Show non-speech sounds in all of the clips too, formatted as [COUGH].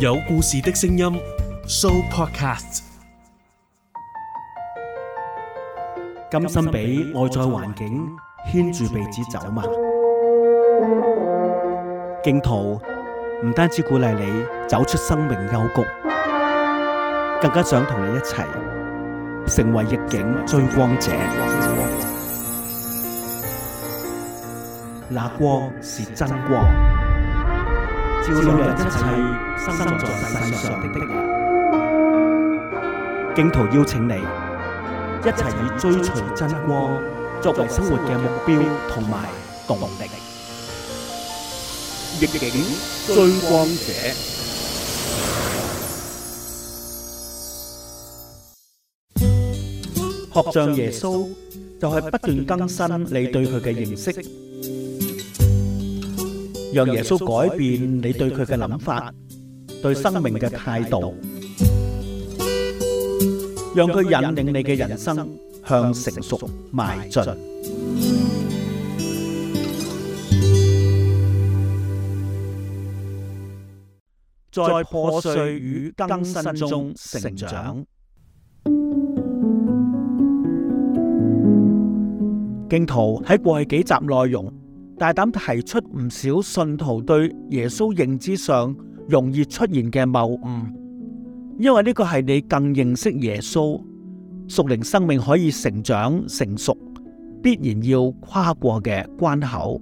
有故事的聲音 Sooo Podcast。甘心俾外在環境牽住鼻子走嘛？荊徒唔單止鼓勵你走出生命幽谷，更加想同你一齊成為逆境追光者。那光是真光。照亮一切生存在世上的的人，荊徒邀請你一齊以追隨真光作為生活嘅目標同埋動力。逆境追光者，學像耶穌，就係不斷更新你對佢嘅認識。讓耶穌改變你對佢嘅諗法，對生命嘅態度，讓佢引領你嘅人生向成熟邁進，在破碎與更新中成長。荊徒喺過去幾集內容，大膽提出唔少信徒對耶穌認知上容易出現嘅謬誤，因為呢個係你更認識耶穌、屬靈生命可以成長成熟，必然要跨過嘅關口。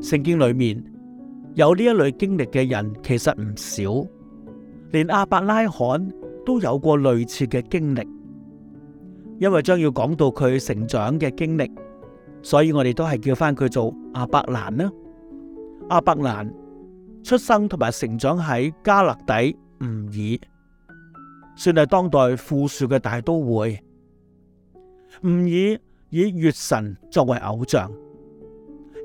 聖經裏面有呢一類經歷嘅人，其實唔少。連亞伯拉罕都有過類似嘅經歷，因為將要講到佢成長嘅經歷，所以我哋都係叫返佢做亞伯蘭啦。亞伯蘭出生同埋成長喺加勒底吾爾，算係當代富庶嘅大都會。吾爾以月神作為偶像，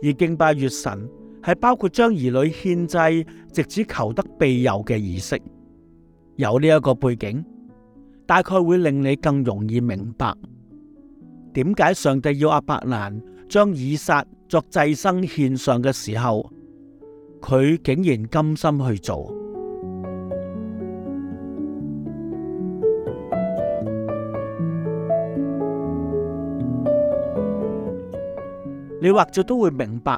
而敬拜月神係包括將兒女獻祭，直至求得庇佑嘅儀式。有呢一個背景，大概會令你更容易明白點解上帝要亞伯蘭將以撒作祭牲獻上嘅時候，佢竟然甘心去做。 [MUSIC] 你或者都會明白，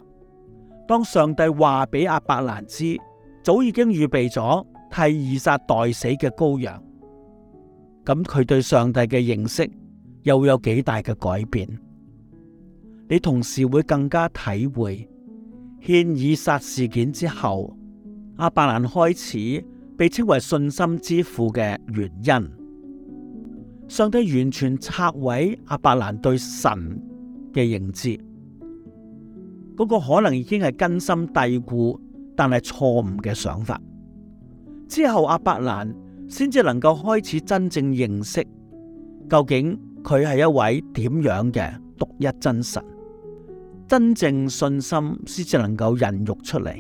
當上帝話俾亞伯蘭知，早已經預備咗。係以撒代死嘅羔羊，咁佢對上帝嘅認識又有幾大嘅改變？你同時會更加體會獻以撒事件之後，亞伯蘭開始被稱為信心之父嘅原因。上帝完全拆毀亞伯蘭對神嘅認知，嗰、那個可能已經係根深蒂固，但係錯誤嘅想法。之後阿伯蘭先至能夠開始真正認識究竟佢係一位點樣嘅獨一真神，真正信心先至能夠孕育出嚟。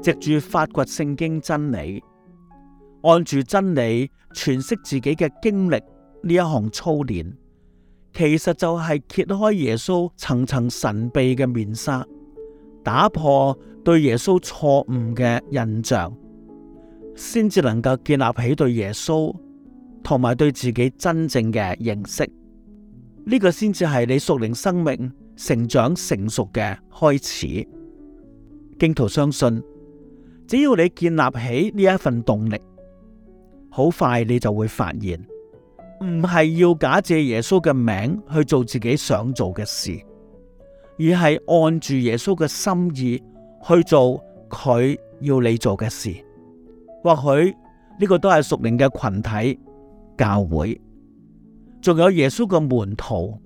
藉著發掘聖經真理。按住真理詮釋自己嘅經歷呢一項操練，其實就係揭開耶穌層層神秘嘅面紗，打破對耶穌錯誤嘅印象，先至能夠建立起對耶穌同埋對自己真正嘅認識。呢、這個先至係你屬靈生命成長成熟嘅開始。基督徒相信，只要你建立起呢一份動力。好快你就會發現，唔係要假借耶穌嘅名去做自己想做嘅事，而係按住耶穌嘅心意去做佢要你做嘅事。或許呢個都係屬靈嘅群體教會，仲有耶穌嘅門徒，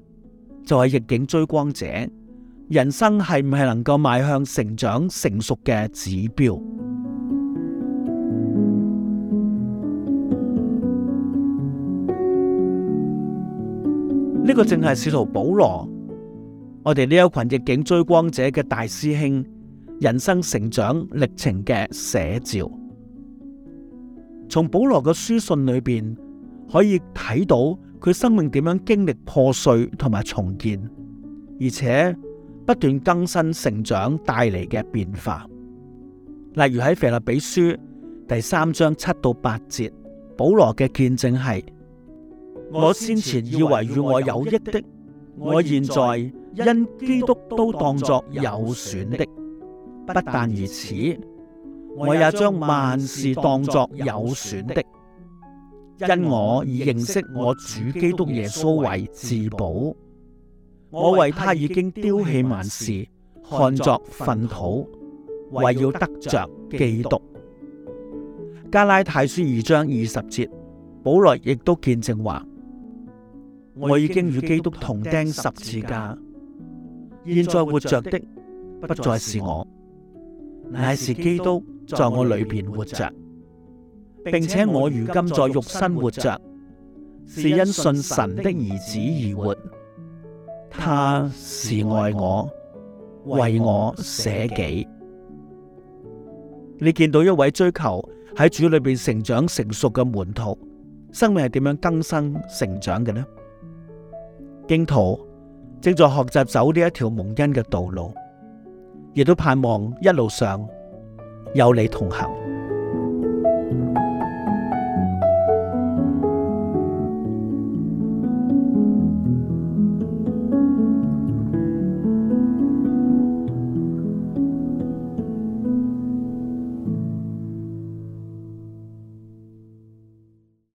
就係逆境追光者。人生係唔係能夠邁向成長成熟嘅指標？呢個正係使徒保羅，我哋呢一群逆境追光者嘅大師兄，人生成長歷程嘅寫照。從保羅嘅書信裏邊可以睇到佢生命點樣經歷破碎同埋重建，而且不斷更新成長帶嚟嘅變化。例如喺腓立比書第三章七到八節，保羅嘅見證係。我先前以為與我有益的，我現在因基督都當作有損的。不但如此，我也將萬事當作有損的，因我已認識我主基督耶穌為至寶。我為他已經丟棄萬事，看作糞土，為要得着基督。加拉太書二章二十節，保羅亦都見證話。我已經與基督同釘十字架，現在活着的不再是我，乃是基督在我裏邊活着，並且我如今在肉身活着，是因信神的兒子而活。他是愛我，為我捨己。你見到一位追求喺主裏邊成長成熟嘅門徒，生命係點樣更生成長嘅呢？荊徒正在學習走呢一條蒙恩嘅道路，亦都盼望一路上有你同行。